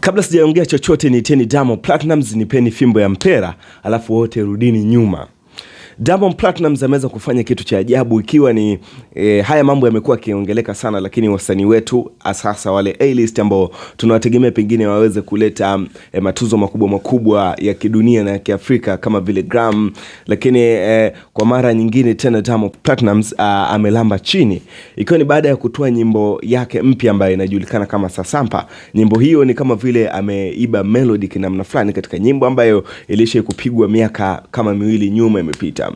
Kabla sijaongea chochote, niteni Diamond Platnumz, nipeni fimbo ya mpera, alafu wote rudini nyuma. Diamond Platnumz ameweza kufanya kitu cha ajabu ikiwa ni e, haya mambo yamekuwa yakiongeleka sana, lakini wasanii wetu hasa wale A-list ambao tunawategemea pengine waweze kuleta e, matuzo makubwa makubwa ya kidunia na ya Kiafrika kama vile Grammy, lakini e, kwa mara nyingine tena Diamond Platnumz ah, amelamba chini, ikiwa ni baada ya kutoa nyimbo yake mpya ambayo inajulikana kama Sasampa. Nyimbo hiyo ni kama vile ameiba melody kinamna fulani katika nyimbo ambayo ilisha kupigwa miaka kama miwili nyuma imepita.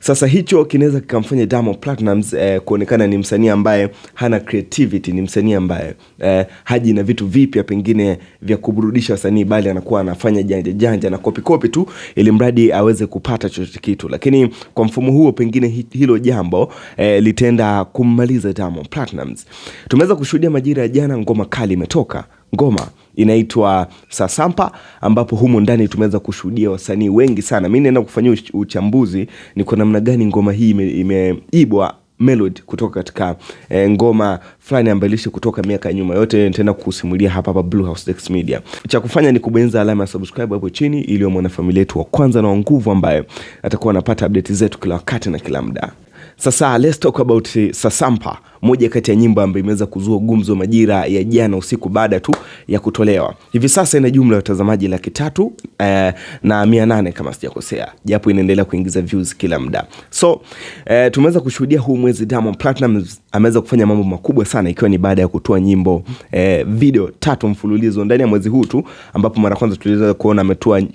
Sasa hicho kinaweza kikamfanya Diamond Platnumz eh, kuonekana ni msanii ambaye hana creativity, ni msanii ambaye eh, haji na vitu vipya pengine vya kuburudisha wasanii, bali anakuwa anafanya janja janja na kopi kopi tu, ili mradi aweze kupata chochote kitu. Lakini kwa mfumo huo, pengine hilo jambo eh, litaenda kummaliza Diamond Platnumz. Tumeweza kushuhudia majira ya jana, ngoma kali imetoka ngoma inaitwa Sasampa, ambapo humo ndani tumeweza kushuhudia wasanii wengi sana. Mi naenda kufanyia uchambuzi ni kwa namna gani ngoma hii imeibwa ime melody kutoka katika e, ngoma fulani ambayo kutoka miaka nyuma. Yote nitaenda kusimulia hapa hapa Blue House Dax Media. Cha kufanya ni kubonyeza alama ya subscribe hapo chini, ili mwanafamilia yetu wa kwanza na wa nguvu ambaye atakuwa anapata update zetu kila wakati na kila muda. Sasa let's talk about eh, Sasampa, moja kati ya nyimbo ambayo imeweza kuzua gumzo majira ya jana usiku baada tu ya kutolewa. Hivi sasa ina jumla ya watazamaji laki tatu eh, na mia nane kama sijakosea, japo inaendelea kuingiza views kila muda. So eh, tumeweza kushuhudia huu mwezi Diamond Platnumz ameweza kufanya mambo makubwa sana, ikiwa ni baada ya kutoa nyimbo eh, video tatu mfululizo ndani ya mwezi huu tu, ambapo mara kwanza tuliweza kuona ametoa eh,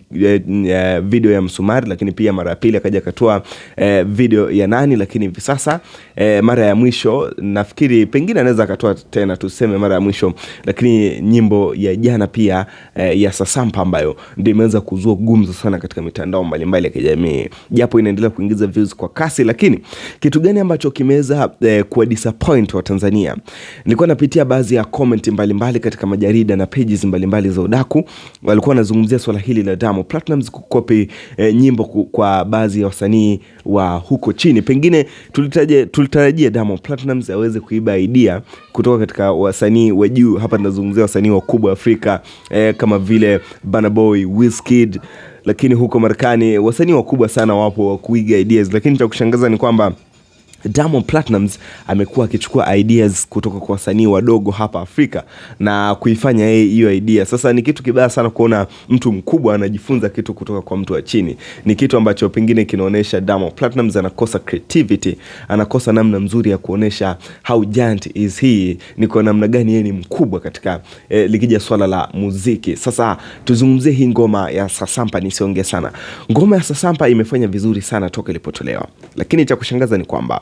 eh video ya Msumari, lakini pia mara ya pili akaja akatoa eh, video ya nani lakini lakini hivi sasa e, mara ya mwisho nafikiri pengine anaweza akatoa tena, tuseme mara ya mwisho, lakini nyimbo ya jana pia e, ya Sasampa ambayo ndio imeweza kuzua gumzo sana katika mitandao mbalimbali ya kijamii, japo inaendelea kuingiza views kwa kasi, lakini kitu gani ambacho kimeweza e, kuwa disappoint wa Tanzania? Nilikuwa napitia baadhi ya comment mbalimbali mbali katika majarida na pages mbalimbali mbali za udaku, walikuwa wanazungumzia swala hili la Diamond Platnumz kukopi e, nyimbo kwa baadhi ya wasanii wa huko chini pengine tulitarajia Diamond aweze kuiba idea kutoka katika wasanii wa juu hapa, tunazungumzia wasanii wakubwa wa Afrika eh, kama vile Burna Boy, Wizkid, lakini huko Marekani wasanii wakubwa sana wapo wa kuiga ideas, lakini cha kushangaza ni kwamba Diamond Platnumz amekuwa akichukua ideas kutoka kwa wasanii wadogo hapa Afrika na kuifanya yeye hiyo idea. Sasa ni kitu kibaya sana kuona mtu mkubwa anajifunza kitu kutoka kwa mtu wa chini. Ni kitu ambacho pengine kinaonyesha Diamond Platnumz anakosa creativity, anakosa namna nzuri ya kuonyesha how giant is he, ni kwa namna gani yeye ni mkubwa katika eh, likija swala la muziki. Sasa tuzungumzie hii ngoma ya Sasampa, nisiongee sana. Ngoma ya Sasampa imefanya vizuri sana toka ilipotolewa, lakini cha kushangaza ni kwamba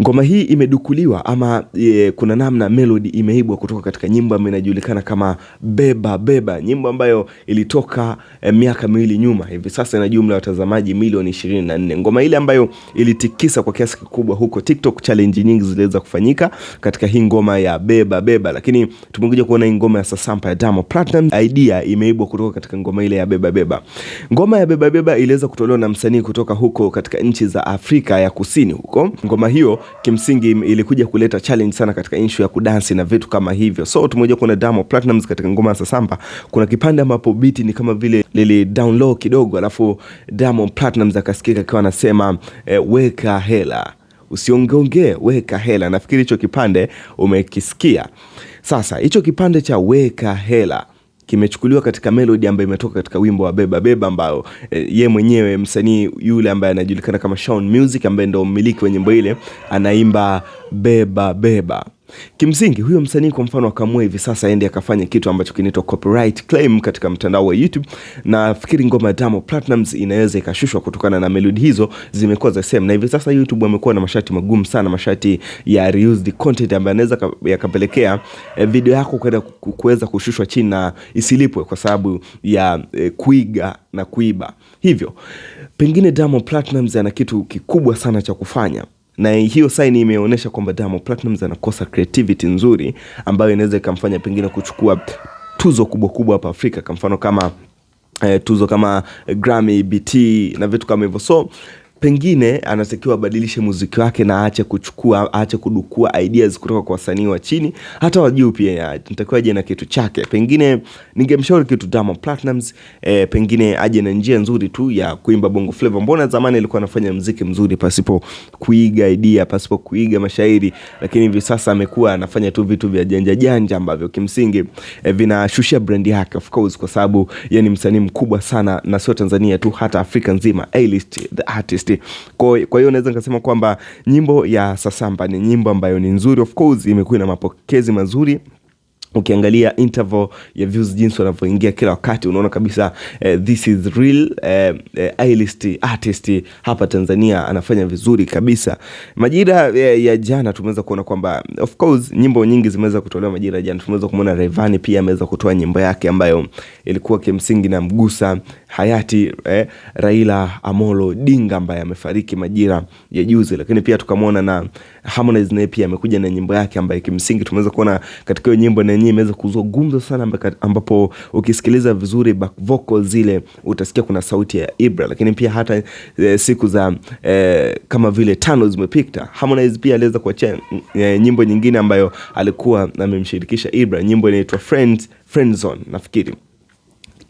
Ngoma hii imedukuliwa ama e, kuna namna melody imeibwa kutoka katika nyimbo ambayo inajulikana kama Beba Beba, nyimbo ambayo ilitoka e, miaka miwili nyuma. Hivi sasa ina jumla ya watazamaji milioni 24. Ngoma ile ambayo ilitikisa kwa kiasi kikubwa huko TikTok, challenge nyingi ziliweza kufanyika katika hii ngoma ya Beba Beba, lakini tumekuja kuona hii ngoma ya Sasampa ya Damo Platinum. idea imeibwa kutoka katika ngoma ile ya Beba Beba. Ngoma ya Beba Beba iliweza kutolewa na msanii kutoka huko katika nchi za Afrika ya Kusini huko. Ngoma hiyo kimsingi ilikuja kuleta challenge sana katika issue ya kudansi na vitu kama hivyo. So tumoja kuna Diamond Platnumz katika ngoma ya Sasamba, kuna kipande ambapo beat ni kama vile lili download kidogo, alafu Diamond Platnumz akasikika akiwa anasema e, weka hela usiongeongee weka hela. Nafikiri hicho kipande umekisikia. Sasa hicho kipande cha weka hela kimechukuliwa katika melody ambayo imetoka katika wimbo wa Beba Beba ambao e, eh, ye mwenyewe msanii yule ambaye anajulikana kama Shaun Music ambaye ndo mmiliki wa nyimbo ile anaimba Beba Beba. Kimsingi huyo msanii kwa mfano akaamua hivi sasa aende akafanya kitu ambacho kinaitwa copyright claim katika mtandao wa YouTube, na fikiri ngoma ya Diamond Platnumz inaweza ikashushwa kutokana na melodi hizo zimekuwa za same, na hivi sasa YouTube wamekuwa na masharti magumu sana, masharti ya reused content ambayo anaweza yakapelekea eh, video yako kuweza kushushwa chini na isilipwe kwa sababu ya eh, kuiga na kuiba. Hivyo pengine Diamond Platnumz ana kitu kikubwa sana cha kufanya na hiyo saini imeonyesha kwamba Diamond Platnumz anakosa creativity nzuri ambayo inaweza ikamfanya pengine kuchukua tuzo kubwa kubwa hapa Afrika, kwa mfano kama eh, tuzo kama Grammy, BT na vitu kama hivyo so pengine anatakiwa abadilishe muziki wake na aache kuchukua, aache kudukua ideas kutoka kwa wasanii wa chini hata wa juu pia, anatakiwa aje na kitu chake. Pengine ningemshauri kitu Diamond Platnumz, e, pengine aje na njia nzuri tu ya kuimba bongo flava. Mbona zamani alikuwa anafanya muziki mzuri pasipo kuiga idea, pasipo kuiga mashairi, lakini hivi sasa amekuwa anafanya tu vitu vya janja janja ambavyo kimsingi e, vinashushia brand yake of course, kwa sababu yeye ni msanii mkubwa sana na sio Tanzania tu, hata Afrika nzima A-list the artist kwa hiyo naweza nikasema kwamba nyimbo ya Sasamba ni nyimbo ambayo ni nzuri, of course imekuwa na mapokezi mazuri ukiangalia interval ya views jinsi wanavyoingia kila wakati unaona kabisa eh, this is real eh, eh, A-list artist hapa Tanzania anafanya vizuri kabisa. Majira eh, ya jana tumeweza kuona kwamba of course nyimbo nyingi zimeweza kutolewa majira ya jana. Tumeweza kumuona Rayvanny pia ameweza kutoa nyimbo yake ambayo ilikuwa kimsingi na mgusa hayati eh, Raila Amolo Odinga ambaye amefariki majira ya juzi, lakini pia tukamwona na Harmonize naye pia amekuja na nyimbo yake ambayo kimsingi tumeweza kuona katika hiyo nyimbo na yenyewe imeweza kuzua gumzo sana, ambapo ukisikiliza vizuri back vocal zile utasikia kuna sauti ya Ibra, lakini pia hata e, siku za e, kama vile tano zimepita, Harmonize pia aliweza kuachia e, nyimbo nyingine ambayo alikuwa amemshirikisha Ibra, nyimbo inaitwa Friends Friend Zone nafikiri.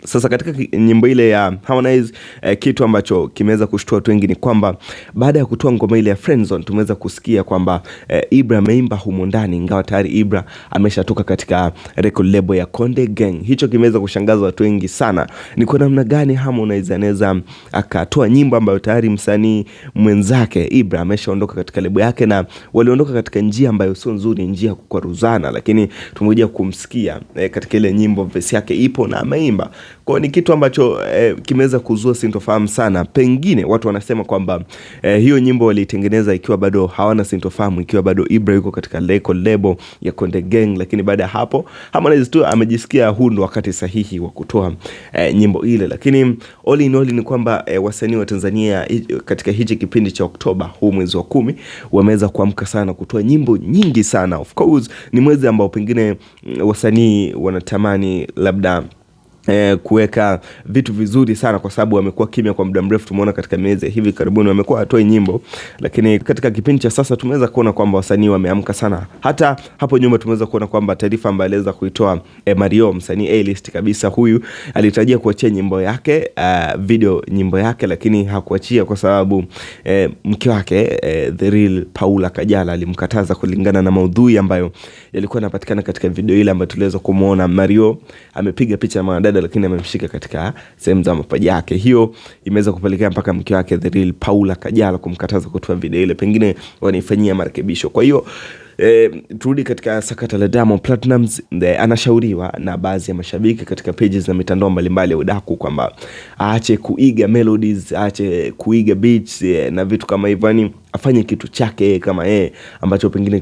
Sasa katika nyimbo ile ya Harmonize eh, kitu ambacho kimeweza kushtua watu wengi ni kwamba baada ya kutoa ngoma ile ya Friendzone tumeweza kusikia kwamba eh, Ibra ameimba humo ndani, ingawa tayari Ibra ameshatoka katika record label ya Konde Gang. Hicho kimeweza kushangaza watu wengi sana, ni kwa namna gani Harmonize anaweza akatoa nyimbo ambayo tayari msanii mwenzake Ibra ameshaondoka katika lebo yake, na waliondoka katika njia ambayo sio nzuri, njia kukwaruzana, lakini tumekuja kumsikia eh, katika ile nyimbo vesi yake ipo na ameimba kwa ni kitu ambacho eh, kimeweza kuzua sintofahamu sana. Pengine watu wanasema kwamba eh, hiyo nyimbo walitengeneza ikiwa bado hawana sintofahamu, ikiwa bado Ibra yuko katika leko lebo ya Konde Gang, lakini baada ya hapo Harmonize tu amejisikia huu ndo wakati sahihi wa kutoa eh, nyimbo ile. Lakini all in all ni kwamba eh, wasanii wa Tanzania katika hichi kipindi cha Oktoba huu mwezi wa kumi wameweza kuamka sana kutoa nyimbo nyingi sana. Of course ni mwezi ambao pengine mm, wasanii wanatamani labda E, kuweka vitu vizuri sana kwa sababu wamekuwa kimya kwa muda mrefu. Tumeona katika miezi ya hivi karibuni wamekuwa hatoi nyimbo, lakini katika kipindi cha sasa tumeweza kuona kwamba wasanii wameamka sana. Hata hapo nyuma tumeweza kuona kwamba taarifa ambayo aliweza kuitoa e, eh, Mario msanii A-list kabisa huyu alitarajia kuachia nyimbo yake uh, video nyimbo yake, lakini hakuachia kwa sababu e, mke wake e, the real Paula Kajala alimkataza kulingana na maudhui ambayo yalikuwa yanapatikana katika video ile ambayo tuliweza kumuona Mario amepiga picha na msaada, lakini amemshika katika sehemu za mapaja yake. Hiyo imeweza kupelekea mpaka mke wake the real Paula Kajala kumkataza kutoa video ile, pengine wanaifanyia marekebisho. Kwa hiyo Eh, turudi katika sakata la Diamond Platnumz. Eh, anashauriwa na baadhi ya mashabiki katika pages na mitandao mbalimbali ya udaku kwamba aache kuiga melodies, aache kuiga beats eh, na vitu kama hivyo, yani afanye kitu chake kama yeye ambacho pengine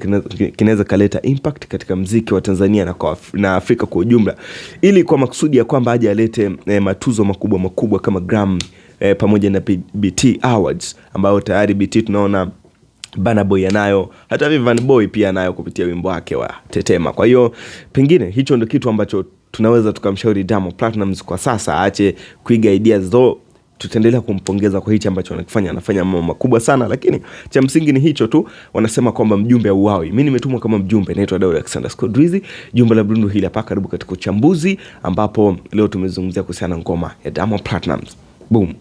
kinaweza kaleta impact katika mziki wa Tanzania na, kwa, na Afrika kwa ujumla, ili kwa maksudi ya kwamba aje alete e, matuzo makubwa makubwa kama Grammy e, pamoja na BT Awards ambayo tayari BT tunaona Banaboy anayo, hata Vanny Boy pia anayo kupitia wimbo wake wa Tetema. Kwa hiyo pengine hicho ndio kitu ambacho tunaweza tukamshauri Diamond Platnumz kwa sasa, aache kuiga idea zo tutaendelea kumpongeza kwa hichi ambacho anakifanya, anafanya mambo makubwa sana, lakini cha msingi ni hicho tu. Wanasema kwamba mjumbe auawi. Mimi nimetumwa kama mjumbe, naitwa Daud Alexander Skodrizi, jumba la Blundu hili hapa. Karibu katika uchambuzi, ambapo leo tumezungumzia kuhusiana ngoma ya Diamond Platnumz. Boom.